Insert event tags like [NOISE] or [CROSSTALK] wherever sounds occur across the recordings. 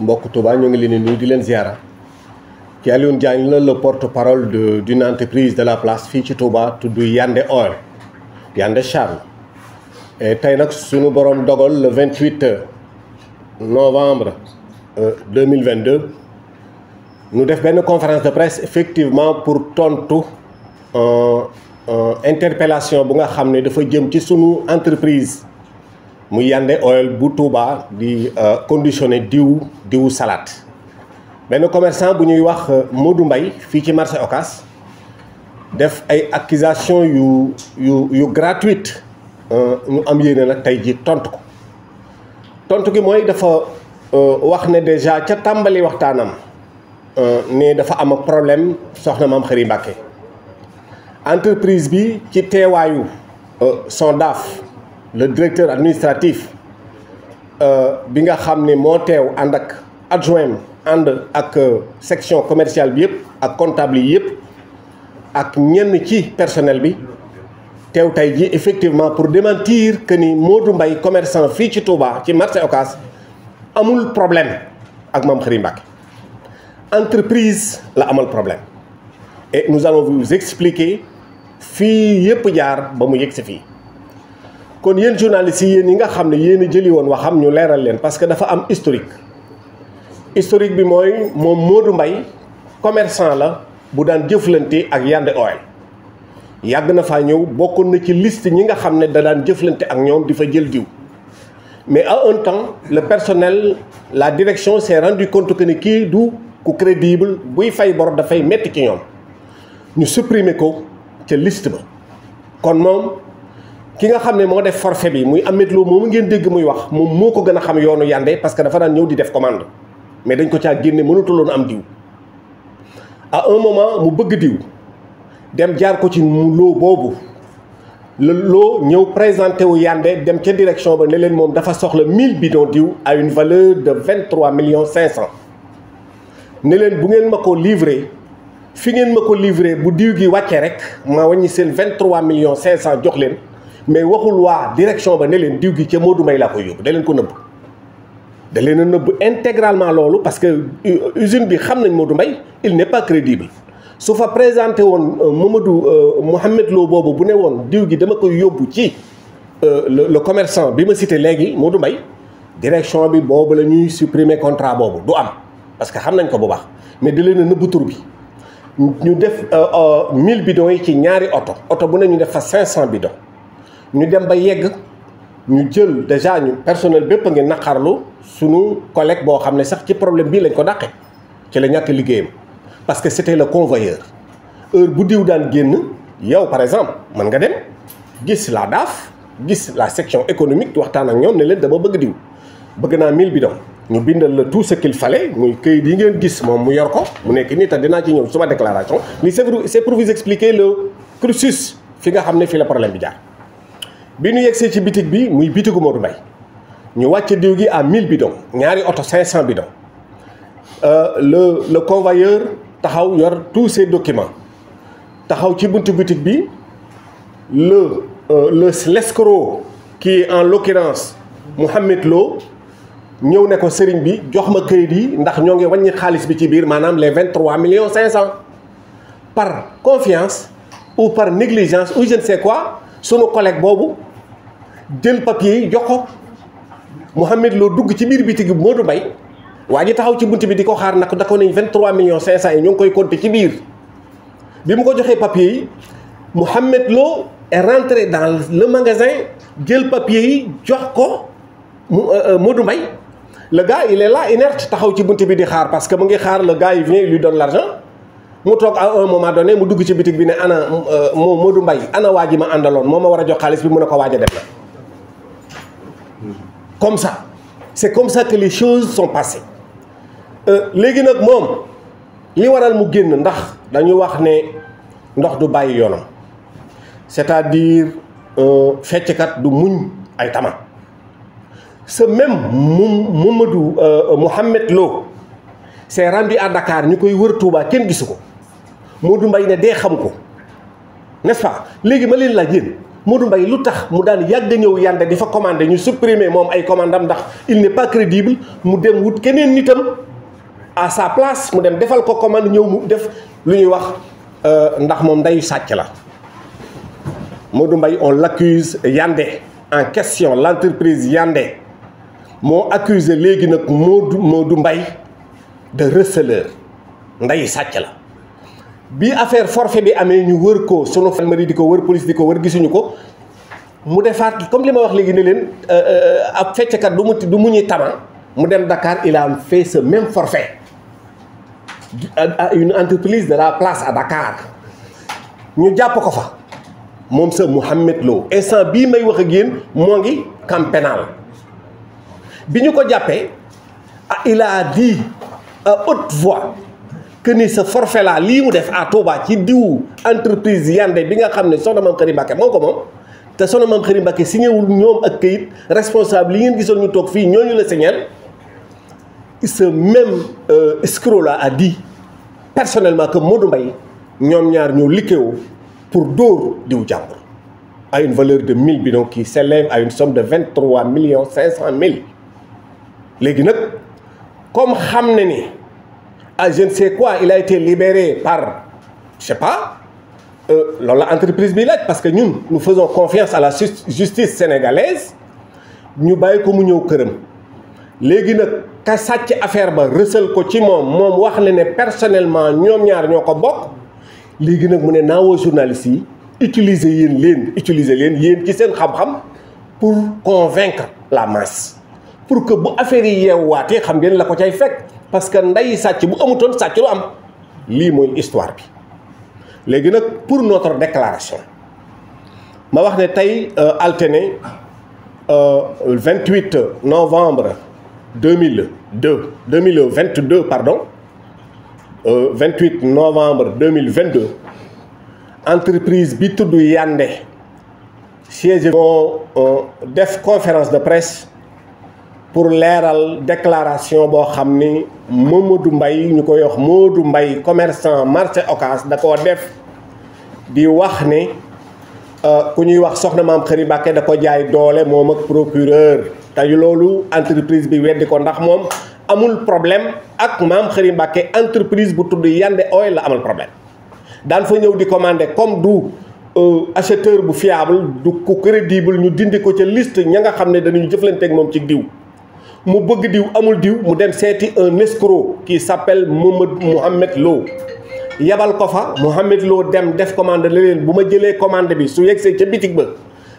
mbokk Touba ñoo ngi leen nii di leen ziara ci Alioune Diagne la le porte-parole de d'une entreprise de la place fii ci Touba tudd Yande Oil Yande Charles tey nag suñu boroon dogal le 28 novembre 2022 euh, ñu def benn conférence de presse effectivement pour tontu euh, euh, interpellation bu nga xam ne dafa jëm ci sunu entreprise mu Yandé Oil bu Touba di euh, conditionné diw diwu salade benn commerçant bu ñuy wax euh, Modou mbay fii ci marché Ocas def ay accusation yu yu yu gratuite euh, ñu am yéene nag tey ji tontu ko tontu gi mooy dafa wax ne déjà ca tàmbali waxtaanam ne dafa am ak problème soxna maam Xëri Mbàkke entreprise bi ci teewaayu SONDAF le directeur administratif euh, bi nga xam ne moo teew ànd ak adjoint ànd ak euh, section commercial bi yëpp ak comptable yi yëpp ak ñenn ci personnel bi teew tey ji effectivement pour démentir que ni Modou mbay commerçant fii ci Touba ci marché Ocass amul problème ak Mame Khary Mbacké entreprise la amal problème et nous allons vous expliquer fii yëpp jaar ba mu yegg si fii kon yéen journalistes yi yéen yi nga xam ne yéen a jëli woon waxam ñu leeral leen parce que dafa am historique istorique bi mooy moom Modou mbay commerçant la bu daan jëflante ak Yandé Oil yàgg na faa ñëw bokkoon na ci liste ñi nga xam ne da daan jëflante ak ñoom di fa jël diw mais à un temps le personnel la direction s'est rendu compte que ne kii du ku crédible buy fay bor dafay metti ci ñoom ñu supprimer ko ca liste ba kon moom ki nga xam ne moo def forfait bi muy Ameth Lo moomu ngeen dégg muy wax moom moo ko gën a xam yoonu Yandé parce que dafa daan ñëw di def commande mais dañ ko caa génne mënatuloon am diw à un moment mu bëgg diw dem jaar ko ci mu loo boobu la loo ñëw présenté wu Yandé dem ca direction ba ne leen moom dafa soxla mille bi bidons diw à une valeur de 23 millions 500 ne leen bu ngeen ma ko livré fi ngeen ma ko livre bu diw gi wàcce rek ma wàññi seen 23 millions 500 jox leen. mais waxul waa direction ba ne leen diw gi ca Modou may laa koy yóbbu da leen ko nëbb da leen a nëbb intégralement loolu parce que usine bi xam nañ Modou Mbaye il n'est pas crédible su fa présenté woon euh, Mamadou euh, Mouhamed Lo boobu bu ne woon diw gi dama koy yóbbu ci euh, le commerçant bi ma cité léegi du may direction bi boobu la ñuy supprimer contrat boobu du am parce que xam nañ ko bu baax mais da leen a nëbb tur bi ñu def 1000 bidons yi ci ñaari oto oto bu ne ñu def fa 500 bidons ñu dem ba yegg ñu jël déjà ñu personnel bépp a ngi naqarlu suñu collègue boo xam ne sax ci problème bii lañ ko dàqe ci la ñàkk liggéeyam parce que c'était le convoyeur heure bu diw daan génn yow par exemple mën nga dem gis la daaf gis la section économique waxtaan ak ñoom ne leen dama bëgg diw bëgg naa 1000 bidons ñu bindal la tout ce fale fallait muy këyit yi ngeen gis moom mu yor ko mu nekk nii te dinaa ci ñëw suma déclaration li c'est pour vous expliquer fi nga xam ne fii la problème bi jaar bi ñu yegsee ci bitig bi muy bitigu Modou Mbaye ñu wàcc diw gi à mille bidons ñaari oto 500 bidons euh, le le convoyeur taxaw yor tous ces documents taxaw ci buntu bitig bi le euh, le l'escroc qui est en l'occurrence Mouhamed Lo ñëw ne ko sëriñ bi jox ma këyit yi ndax ñoo ngi waññi xaalis bi ci biir maanaam les vingt trois millions cinq cent par confiance ou par négligence ou je ne sais quoi sunu collègue boobu jël papier yi jox ko Mouhamed loo dugg ci biir bitig bi du Mbaye waa ji taxaw ci bunt bi di ko xaar nag da ko nañ 23 millions 500 yi ñu ngi koy compter ci bi mu ko joxee papier yi Mouhamed Lo est rentré dans le magasin jël papier yi jox ko mu euh, euh, Modou Mbaye le gars il est là inerte taxaw ci bunt bi di xaar parce que mu ngi xaar le gars yi vient lui donne l'argent mu toog à un moment donné mu dugg ci bitig bi ne ana euh, moo Modou Mbaye ana waa ji ma àndaloon ma war a jox bi mu ne ko waaj a dem comme ça c'est comme ça que les choses sont passées euh, léegi nag moom li waral mu génn ndax dañu wax ne ndox du bàyyi yoonam c'est-à-dire euh, fecckat du muñ ay tama ce même Mamadou Mouhamed euh, Lo s'est rendu à Dakar ñu koy wër tuubaa kenn gisu ko Modou Mbaye ne dee xam ko n'est-ce léegi ma leen laaj yéen Modou Mbaye lu tax mu daan yàgg ñëw yànde di fa commandé ñu supprimer moom ay commande am ndax il n'est pas crédible mu dem wut keneen nitam à sa place mu dem defal ko commande ñëw mu def lu ñuy wax euh, ndax moom ndeyu sàcc la Modou mbay on l'accuse yànde en question l'entreprise yànde moo accusé léegi nag Modou Modou mbay de receleur ndeyu sàcc la bi affaire forfait bi amee ñu wër ko sunu gendarmerie di ko wër police di ko wër gisuñu ko mu defaat comme li ma wax léegi ne leen euh, euh, euh, ab fecckat du mu du mu ñuy tama mu dem Dakar il a fait ce même forfait à une entreprise de la place à Dakar ñu jàpp ko fa moom sa Mouhamed Lo instant bii may wax a génn moo ngi camp bi ñu ko jàppee ah il a haute voix que ni sa forfait la lii mu def à Touba ci diw entreprise Yandé bi nga xam ne soxna maam Xarim Mbacké moo ko moom te soxna maam Xarim Mbacké signéwul ñoom ak kayit responsable yi ngeen gisoon ñu toog fii ñooñu la signal ce même euh, escroc là a dit personnellement que Modou Mbaye ñoom ñaar ñoo liggéeyoo pour dóor diw jàmbur à une valeur de bi donc kii s'élève à une somme de vingt 23 millions 500 mille léegi nag comme xam ne ni ah je ne sais quoi il a été libéré par je sais pas euh, loolu la entreprise bi laaj parce que ñun nous faisons confiance à la justice sénégalaise ñu bàyyi ko mu ñëw këram léegi nag ka sàcc affaire ba rësal ko ci moom moom wax la ne personnellement ñoom ñaar ñoo ko bokk léegi nag mu ne naawa journaliste yi utiliser yéen leen utiliser leen yéen ci seen xam-xam pour convaincre la masse pour que bu affaire yi yeew yeewaatee xam ngeen la ko cay fekk parce que ndey sàcc bu amutoon sàcc lu am lii mooy histoire bi léegi nag pour notre déclaration ma wax ne tey euh, euh, vingt 28 novembre 2002 2022 pardon 28 euh, novembre 2022 entreprise bi tudd Yandé siège moo def conférence de presse pour leeral déclaration boo xam ni Mamadou mbay ñu koy wax Modou mbay commerçant marché Ocass da koo def di wax ne euh, ku ñuy wax soxna maam Xëri Mbàkke da ko jaay doole moom ak procureur te loolu entreprise bi weddi ko ndax moom amul problème ak maam Xëri Mbàkke entreprise bu tudd Yande Oil la amul problème daan fa ñëw di commander comme du euh, acheteur bu fiable du ku crédible ñu dindi ko ca liste ña nga xam ne dañuy jëflanteeg moom ci diw mu bëgg diw amul diw mu dem seeti un escroc qui s'appelle Mamadou Mouhamed Lo yabal ko fa Mouhamed Lo dem def commander leneen bu ma jëlee commande bi su yegsee ca bitig ba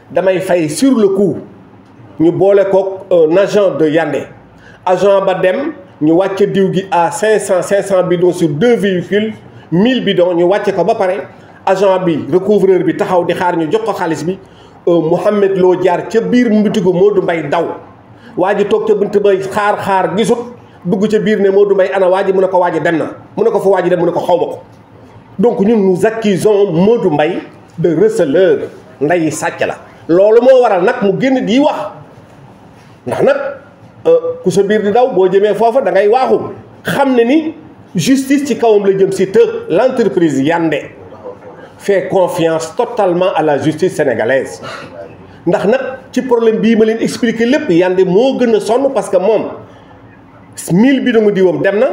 damay fay sur le coup ñu boole kook un de yande agent ba dem ñu wàcc diw gi à 500 500 bidons sur deux véhicules 1000 bidons ñu wàcc ko ba pare agent bi recouvreur bi taxaw di xaar ñu jox ko xaalis bi euh, Mouhamed Lo jaar ca biir mbitigu du Mbaye daw waa ji toog ca bunt ba xaar xaar gisut dugg ca biir ne du Mbaye ana waa ji mu ne ko waa ji dem na mu ne ko fa waa ji dem mu ne ko xaw ma ko donc ñun nous accusons Modou Mbaye de receleur nday sàcc la loolu moo waral nag mu génn di wax ndax nag euh, ku sa biir di daw boo jëmee foofa da ngay waaxu xam ne ni justice ci kawam la jëm si te l'entreprise Yandé fait confiance totalement à la justice sénégalaise ndax nag ci problème bii ma leen expliqué lépp Yandé moo gën a sonn parce que moom 1000 bidons diwam dem na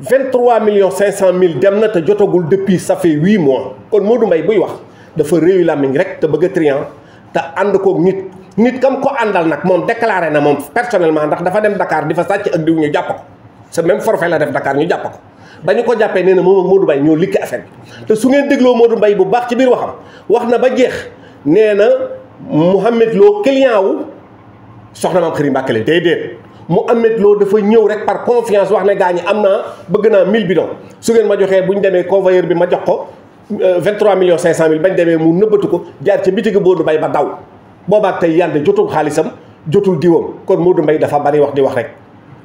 23 millions 500 mille dem na te jotagul depuis ça fait 8 mois kon Modou Mbaye buy wax dafa réewi làmmiñ rek te bëgg a te ànd koog nit nit kam ko àndal nag moom déclaré na moom personnellement ndax dafa dem Dakar di fa sàcc ak diw ñu jàpp ko sa même forfait la def Dakar ñu jàpp ko. ba ñu ko jàppee nee na moom ak Modou Mbaye ñoo likk affaire te su ngeen dégloo Modou Mbaye bu baax ci biir waxam wax na ba jeex nee na. Mouhamed Lo client wu soxna maam Xarim Mbàkke la déedéet Mouhamed loo dafa ñëw rek par confiance wax ne gaa ñi am naa bëgg naa bi bidons su ngeen ma joxee bu ñu demee convoyeur bi ma jox ko 23 euh, millions 500 mille bañ demee mu nëbbatu ko jaar ca bitig Modou bay ba daw boobaak tey yàlla jotul xaalisam jotul diwam kon du Mbaye dafa bari wax di wax rek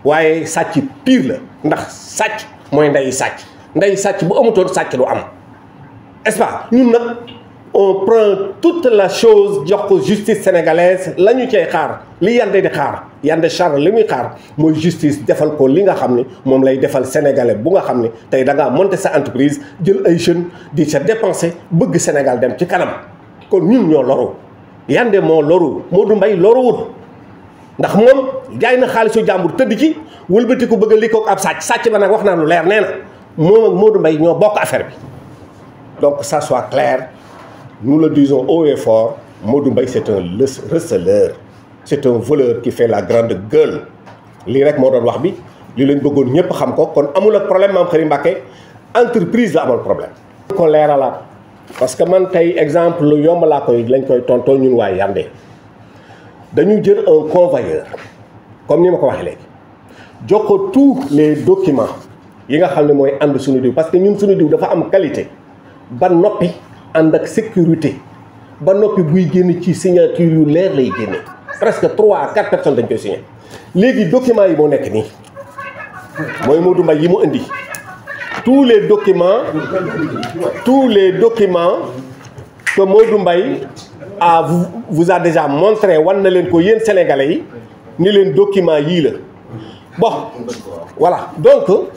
waaye sàcc pire la ndax sàcc mooy ndeyi sàcc ndeyi sàcc bu amutoon sàcc lu am est ñun nag on prend toute la chose jox ko justice sénégalaise la ñu cay xaar li Yandé di xaar Yandé Charles li muy xaar mooy justice defal ko li nga xam ni moom lay defal sénégalais bu nga xam ni tey da ngaa sa entreprise jël ay jeunes di sa dépenser bëgg Sénégal dem ci kanam kon ñun ñoo loru Yandé moo loru Modou Mbaye loruwul ndax moom jaay na xaalisu jàmbur tëdd ci wëlbati ko bëgg li ko ab sàcc sàcc ba nag wax naa lu leer nee na moo ak Modou Mbaye ñoo bokk affaire bi donc ça soit nu le disons haut et fort, Modou Mbaye c'est un receleur c'est un voleur qui fait la grande gueule lii rek moo doon wax bi li lañ bëggoon ñëpp xam ko kon amul ak problème maam Xarim Mbàkke entreprise la amal problème ko leeralaat parce que man tey exemple lu yomb laa koy lañ koy tontoo ñun waaye yande dañu jël un convoyeur comme ni ma ko waxee léegi jox ko tous les documents yi nga xam ne mooy ànd suñu diw parce que ñun suñu diw dafa am qualité ba noppi ànd ak sécurité ba noppi buy génn ci signature yu leer lay génne presque trois à quatre personnes dañ koy signé léegi documents yi moo nekk nii mooy Modou Mbaye yi mu indi tous les documents tous les documents que Modou Mbaye a vous a déjà montré war na leen ko yéen sénégalais yi ni leen document yii la bon voilà donc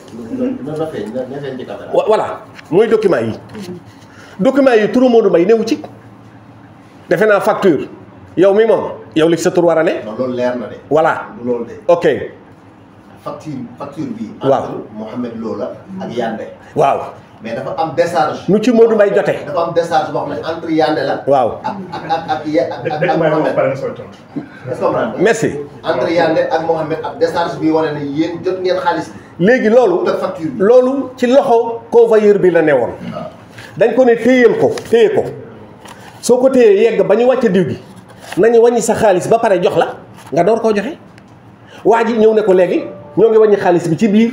voilà mooy document yi dokument yi turu Modou may newu ci defe naa facture yow mi moom yow li sa leer na de. voilà ok. facture facture bi. waaw Mouhamed Lo la ak waaw. mais dafa am décharge. nu ci Modou Mbaye jote dafa am xam ne entre Yande la. waaw ak ak ak ak ak Mouhamed. est-ce que merci. entre Yande ak Mouhamed ak décharge yéen jot ngeen xaalis léegi loolu. loolu ci loxo convoyeur bi la newoon. dañ ko ne téyeel ko téye ko soo ko téyee yegg ba ñu wàcc diw gi nañu wàññi sa xaalis ba pare jox la nga door koo joxe waa ji ñëw ne ko léegi ñoo ngi wàññi xaalis bi ci biir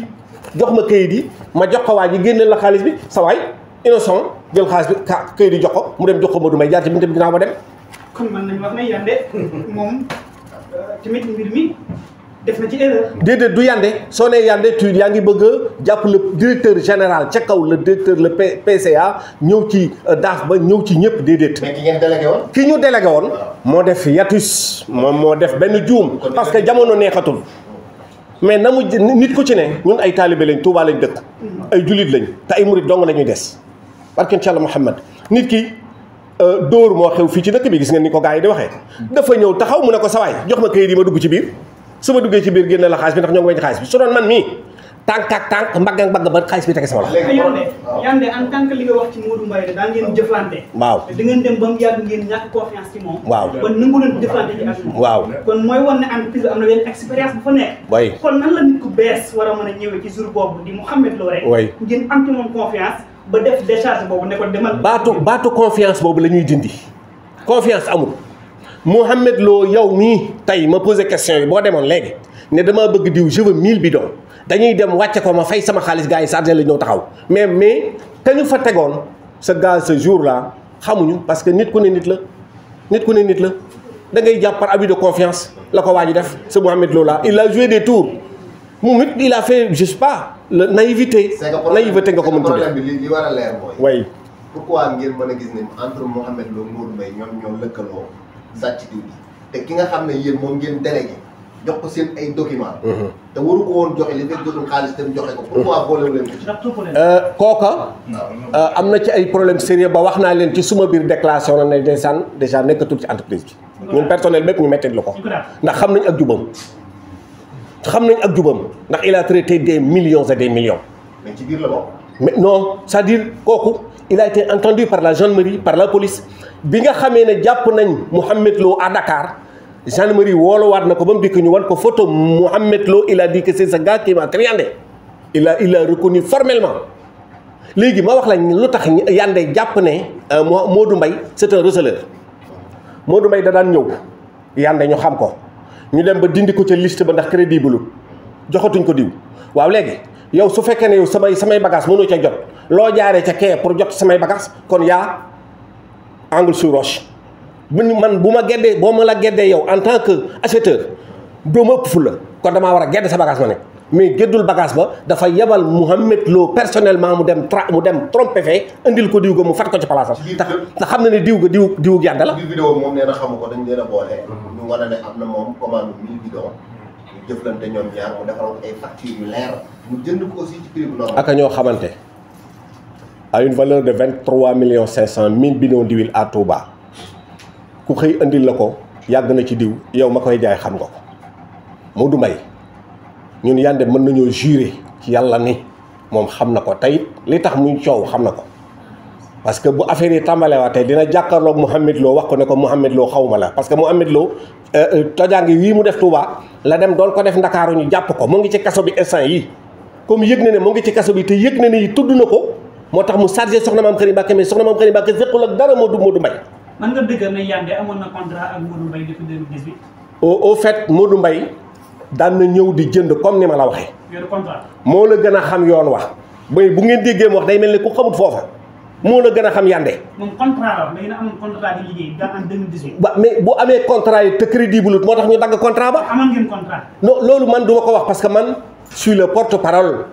jox ma kayit yi ma jox ko waa ji génneel la xaalis bi sa waay innocent jël xaalis bi ka kayit yi jox ko mu dem jox ko du may jaar ci buntu bi ginnaaw ba dem. kon man nañu wax ne yande moom tamit mbir mi. def na ci erreur. déedéet du yande soo nee yande tu yaa ngi bëgg a jàpp le directeur général ca kaw le la le PCA ñëw ci euh, daax ba ñëw ci ñëpp déedéet. mais ki ngeen délégué woon. ki ñu délégué woon moo def yatus moom moo def benn juum. parce que jamono neexatul. mais na mu nit ko ci ne ñun ay taalibe lañ Tuubaa lañ dëkk. ay jullit lañ te ay murit dong la ñuy des. barke incha la Muhammad nit ki euh, dóor moo xew fii ci dëkk bi gis ngeen ni ko gaa yi di waxee. dafa ñëw taxaw mu ne ko sawaay jox ma kayit yi ma dugg ci biir. su ma duggee ci biir génne la xaalis bi ndax ñoo ngi weñ xaalis bi su doon man mii tànk ak tànk mbagg ak mbagg ba xaalis bi tege sama loxo. léegi yande li wax ci Modou Mbaye da ngeen jëflante. waaw da dem ba mu yàgg ngeen ñàkk confiance ci moom. waaw kon nangu leen jëflante ci ak waaw kon mooy wan ne entreprise bi am na benn expérience bu a mën a ñëwee ci jour boobu am ci moom confiance ba def décharge boobu ne ko demal. baatu baatu confiance boobu lañuy ñuy dindi confiance amul Mouhamed loo yow mii tey ma posé question yi boo demoon léegi ne damaa bëgg diw je veux 1000 bidons dañuy dem wàcce ko ma fay sama xaalis gaa yi chargé la ñëw taxaw mais mais te ñu fa tegoon sa gaz ce jour là xamuñu parce que nit ku ne nit la nit ku ne nit la da ngay jàpp par de confiance la ko waa ji def sa Mouhamed Lo là il a joué des tours moom it il a fait je sais pas la naïveté. naïveté nga ko mën tuddee problème a leer a gis ne entre Mouhamed Lo ñoo lëkkaloo. sàcc diw ki nga xam ne yéen moom ngeen délégué jox ko seen ay document mhm. te ko woon joxe li fekk jotul xaalis dem joxe mhm. euh, kooka. Euh, am na ci ay problème sérieux ba wax naa leen ci suma biir déclaration na ne ndeysaan dèjà nekkatul ci entreprise bi. ñun personnel bépp ñu métti lu ko. ndax xam nañ ak jubam. xam nañ ak jubam ndax il traité des millions et des millions. mais ci biir la bokk. mais non cest à kooku il a été entendu par la gendarmerie par la police. bi nga xamee ne jàpp nañ Mouhamed Lo à Dakar gendarmerie woolowaat na ko ba mu dikk ñu wan ko photo Mouhamed Lo il a dit sa c'est ce gars qui m'a triandé il a il a formellement léegi ma wax la lu tax yande jàpp ne euh, moo Modou Mbaye c'est un receleur Modou Mbaye da daan ñëw yande ñu xam ko ñu dem ba dindi ko ca liste ba ndax crédible joxatuñ ko diw waaw léegi yow su fekkee ne yow samay samay bagage mënoo ca jot loo jaaree ca kee pour jot samay bagage kon angle sous roche bu ñu man bu ma geddee boo ma la geddee yow en tant que acheteur doo ma ëpp fu la kon damaa war a gedd sa bagage ma ne mais géddul bagage ba dafa yebal Mouhamed Lo personnellement mu dem tra mu dem trompé fee indil ko diw ga mu fat ko ci place ta tax tax xam na ne diw ga diw diw yàgg la. biir vidéo moom dañ leen a boole. Mhm. na moom commande mille bidon. ñu jëflante ñoom ñaar mu ñoo xamante. à une valeur de vingt trois millions cinq cent mille bidons d'huile à Touba ku xëy andil la ko yàgg na ci diw yow ma koy jaay xam nga ko du may ñun Yandé mën nañoo jurer ci yàlla ni moom xam na ko tey li tax muy coow xam na ko parce que bu affaire yi tàmbalewaatee dina mu Mouhamed loo wax ko ne ko mu Lo xaw ma la parce que Mouhamed Lo euh, euh, tojaangi wii mu def Touba la dem doon ko def Ndakaaru ñu jàpp ko mu ngi ci kaso bi instant yi comme yëg na ne mu ngi ci kaso bi te yëg na ne na ko moo tax mu chargé soxna maam Xari Mbàkke mais soxna maam Xari Mbàkke séqul ak dara Modou Modou Mbaye man nga dëggal ne Yandé amoon na contrat ak Modou Mbaye depuis 2018 au au daan na ñëw di jënd comme ni ma la waxee moo la gën a xam yoon wax bay bu ngeen déggee mu wax day mel ni ku xamut foofa moo la gën a xam Yandé moom contrat la dina am contrat di liggéey ba mais bu amee contrat yi te crédibleut moo tax ñu dagg contrat ba amoon ngeen contrat loolu man du ko wax parce que man je le porte-parole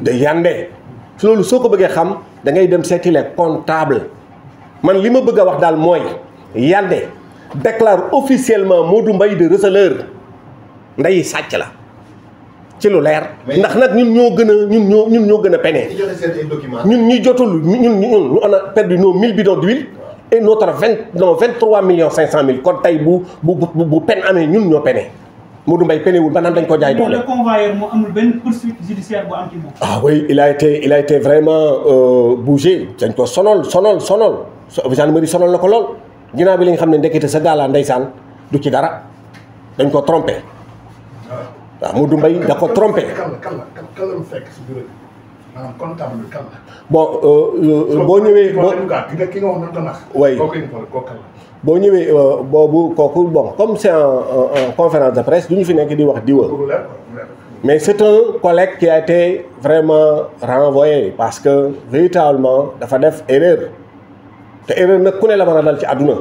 de Yandé su loolu soo ko bëggee xam dangay dem seeti les comptables man li ma bëgg a wax daal mooy Yandé déclare officiellement du mbay de receleur nday sàcc la ci lu leer. ndax nag ñun ñoo gën a ñun ñoo ñun ñoo gën a pene ñun ñu jotul ñun ñun ñu on a perdu bi 1000 bidons d'huile et notre vingt non 23 millions 500 mille kon tey bu bu bu bu pen amee ñun ñoo pene. Modou mbay pénéwul ba naan dañ ko jaay doole. convoyeur moo amul benn poursuite judiciaire bu am ci moom. ah oui il vraiment euh, dañ ko sonol sonol sonol gendarmerie sonol na ko lool ginnaaw bi la nga xam ne ndekete sa gaalaa ndeysaan du ci dara dañ ko trompé waaw Modou Mbaye da ko trompé. kan fekk si bureau bi maanaam boo ñëwee. boo ki boo ñëwee euh, boobu kooku bon comme c'est en conférence de presse du ñu fi nekk di wax diwa mais c'est un collègue qui a vraiment renvoyé parce que véritablement dafa def erreur te erreur nag ku ne la dal ci àdduna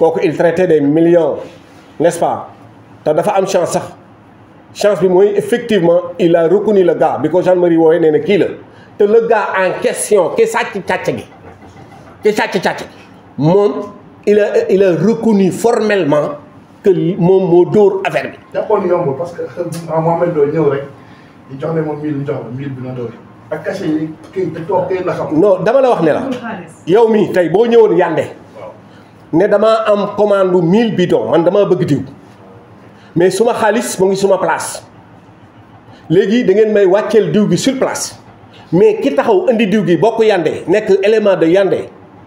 kooku il traitait des millions nest pas te dafa am chance sax chance bi mooy effectivement il a reconnu le gars bi ko gendarmerie woowee nee na kii la te le gars en question ki sàcc càcc gi ki sàcc càcc moom il a il a reconnu formellement que moom moo dóor affaire bi. jàppoon yombul parce que [LAUGHS] ah, Mohamed Ndoye ñëw rek ñu jox ne ma 1000 ñu jox ma 1000 bi na doole ak cachet yi kii te toog kay la xam. non dama la wax ne la. yow mii tey boo ñëwoon yànde. ne damaa am commande bu 1000 bidon man damaa bëgg diw mais suma xaalis mu ngi suma place léegi da ngeen may wàcceel diw gi sur place mais ki taxaw indi diw gi bokk yànde nekk élément de yànde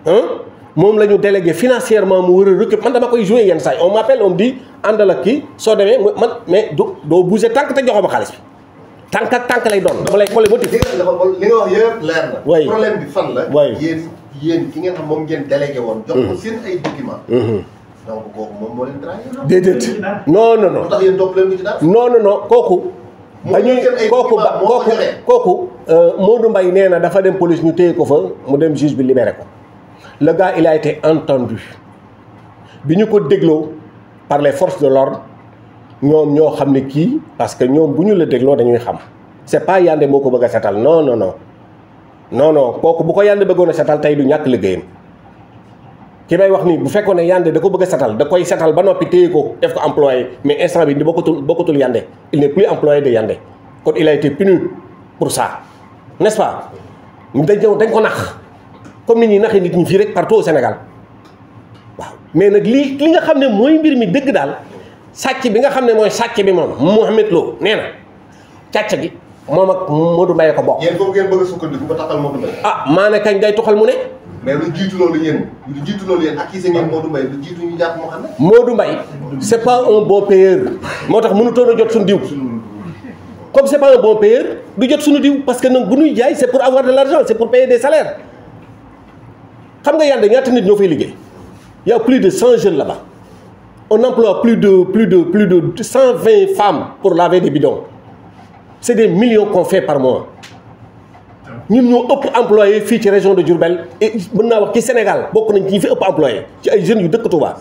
ah. moom la ñu délégué financièrement mu war a récup man dama koy joué yenn saa yi on m'appelle on me dit àndal ak soo demee man mais du doo bougé tànk te joxoo ma xaalis bi tànk ak tànk lay doon. dama lay xoolee ba tuuti. li nga wax waay problème fan la. waay yéen ki ngeen xam moom ngeen délégué woon. jox ko mhm. seen ay documents. Mhm. donc kooku moom moo kooku. dañuy kooku ba kooku kooku euh, Modou Mbaye nee na dafa dem police ñu téye ko fa mu dem juge bi libéré ko le gars il a entendu bi ñu ko dégloo par les forces de l'ordre ñoom ñoo xam ne kii parce que ñoom bu ñu la dégloo dañuy xam c'est pas Yandé moo ko bëgg a setal non non non non non kooku bu ko Yandé bëggoon a setal tey du ñàkk liggéeyam ki may wax nii bu fekkoon ne Yandé da ko bëgg a setal da koy setal ba noppi téye ko def ko employé mais instant bi ni bokkatul bokkatul Yandé il n'est plus employé de Yandé kon il a pour ça n'est-ce dañ ko nax comme ni ñuy naxee nit ñi fii rek partout au Sénégal waaw mais nag lii li nga xam ne mooy mbir mi dëgg daal sàcc bi nga xam ne mooy sàcc bi moom Mouhamed Lo nee na càcc gi moom ak Modou Mbaye ko bokk. yéen foofu ngeen bëgg a sukkandiku ba taxal Modou Mbaye. ah maanaam kañ day toxal mu ne. mais lu jiitu loolu yéen lu jiitu loolu yéen ak accusé ngeen Modou Mbaye lu jiitu ñu jàpp bon payeur moo tax mënutoon a jot suñu diw. comme c' est pas un bon payeur du jot suñu diw parce que nag bu ñuy jaay c' est pour avoir de xam nga yàlla ñaata nit ñoo fay liggéey y' plus de cent jeunes là-bas on emploie plus de plus de plus de cent vingt femmes pour laver des bidons c' est million millions par mois ñun ñoo ëpp employé fii ci région de Diourbel et mën naa wax ci Sénégal bokk nañ ci ñi fi ëpp employé ci ay jeunes yu dëkk Touba.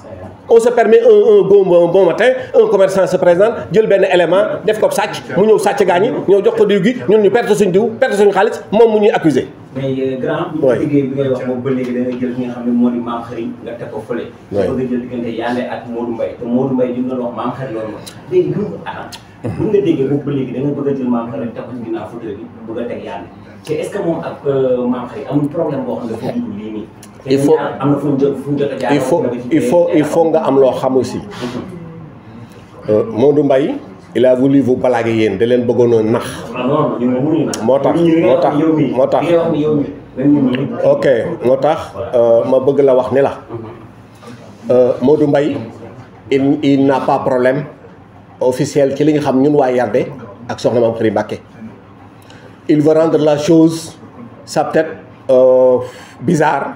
on se permet un un bon bon matin un commerçant se présente jël benn élément def ko sàcc mu ñëw sàcc gaañi ñëw jox ko diw gi ñun ñu perte suñ diw perte suñu xaalis moom mu ñuy accuser mais euh, ah, ba léegi da nga jël ki mu doon wax maam bëgg a jël maam xëriñ teg ko ci ginnaaw fauteuil bi bëgg a teg Yandé te est moom ak euh, maam xëriñ amul problème boo xam ne foofu lii nii il faut am na il faut il faut nga am loo xam aussi. Euh, Modou Mbaye il a voulu vous balaguer yéen da leen bëggoon a nax. Ah moo tax moo tax moo tax. ok moo tax euh, ma bëgg la wax ni la euh, Modou Mbaye il il n'a pas problème officiel ci li nga xam ñun waa Yarde ak soxna Mame Khary Mbacké il veut rendre la chose sa tête euh, bizarre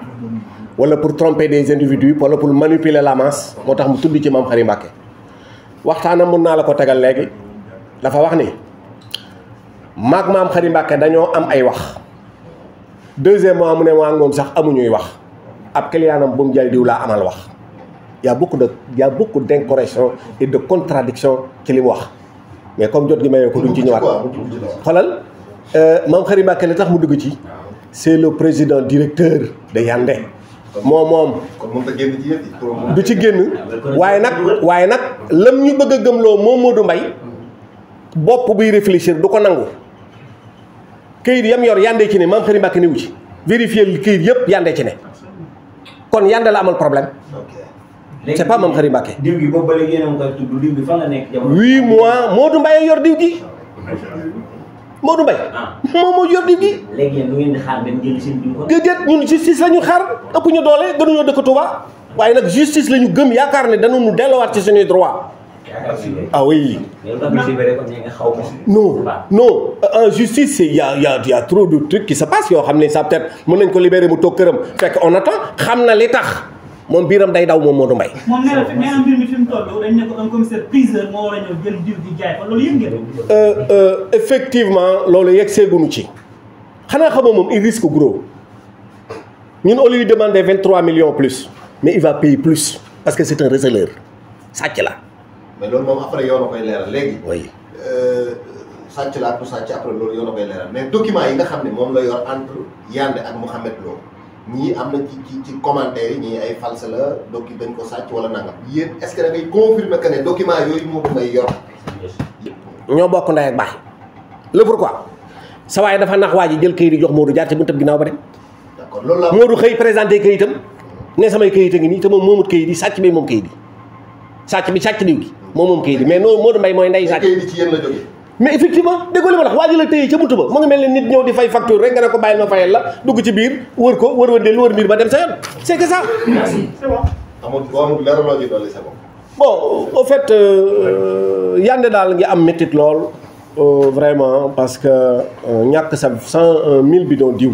wala pour tromper des individus wala pour manipuler la masse moo tax mu tudd ci maam Xari Mbàkke waxtaanam mun naa la ko tegal léegi dafa wax ni maag maam Xari Mbàkke dañoo am ay wax deuxièmement mu ne maa ngoom sax amuñuy wax ab kiliyaanam bu mu jël diw laa amal wax yaa a beaucoup de y a beaucoup d'incorrection de contradiction ci li wax mais comme jot gi mayee ko duñ ci ñëwaat xoolal euh, maam Xari Mbàkke li tax mu dugg ci c'est le président directeur de Yandé moo moom du ci génn waaye nag waaye nag lam ñu bëgg a gëmloo moom Modou mbay bopp buy réfléchir du ko nangu këyit yam yor Yandé ci ne maam xëri Mbàkke niwu ci vérifier këyit yëpp Yandé ci ne kon Yandé la amal problème c'est pas maam xëri Mbàkke diw gi boobu mbay léegi yéen a yor diw gi Modou Mbaye ah. moom moo yor nit ñi. léegi yéen lu ngeen di xaar dem jël justice la ñu xaar ñu doole gënuñoo dëkk Touba waaye nag justice lañu gëm yaakaar ne danañu delluwaat ci suñuy droit. ah oui. non non en justice il y a il y a a trop du trucs qui se yoo xam ne ça peut-être mën nañ ko libérer mu toog këram fekk a attend xam na li tax. moom biiram day daw moom Modou Mbaye. moom nee na mbir mi fi mu toll dañ ne ko un ko euh, euh, loolu moom il risque gros ñun au lieu plus mais il plus parce que est un receleur sàcc la. mais loolu moom après yow koy leeral léegi. oui. Euh, sàcc la ak sàcc après loolu yow la koy leeral mais document yi nga xam ne moom la yor entre Yandé ak Mouhamed Lo. ñii am na ci ci ci commentaire yi ñii ay false la dañ ko sàcc wala nangam yéen est-ce que da ngay confirmer que ne document yooyu moo ko may yor. ñoo bokk ndey ak baay. le pourquoi sa waay dafa nax waa ji jël këyit yi jox Modou jaar ci buntam ginnaaw ba dem. d'accord loolu la Modou xëy présenté këyitam ne samay këyit a ngi nii te moom moomut këyit yi sàcc bi moom këyit yi sàcc bi sàcc diw gi moo moom këyit yi mais noo Modou Mbaye mooy ndey sàcc. këyit ci yéen la jógee. mais effectivement déggoo li ma wax waa ji la téye ca buntu ba mu ngi mel ne nit ñëw di fay facture rek nga ne ko bàyyil ma fayal la dugg ci biir wër ko wër wëndeel wër mbir ba dem sa yoon c'est que ça. merci c'est bon. amul euh, euh, daal ngi am métit lool euh, vraiment parce que ñàkk sa cent un mille bidon diw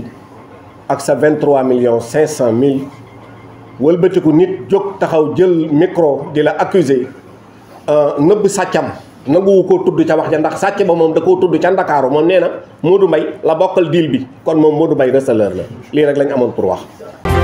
ak sa vingt trois millions cinq cent mille wëlbatiku nit jóg taxaw jël micro di la accuser nëbb sàccam nanguwu koo tudd ca wax ja ndax sàcc ba moom da koo tudd ca Ndakaaru moom nee na Modou mbay la bokkal deal bi kon moom Modou Mbaye receleur la lii rek lañ amoon pour wax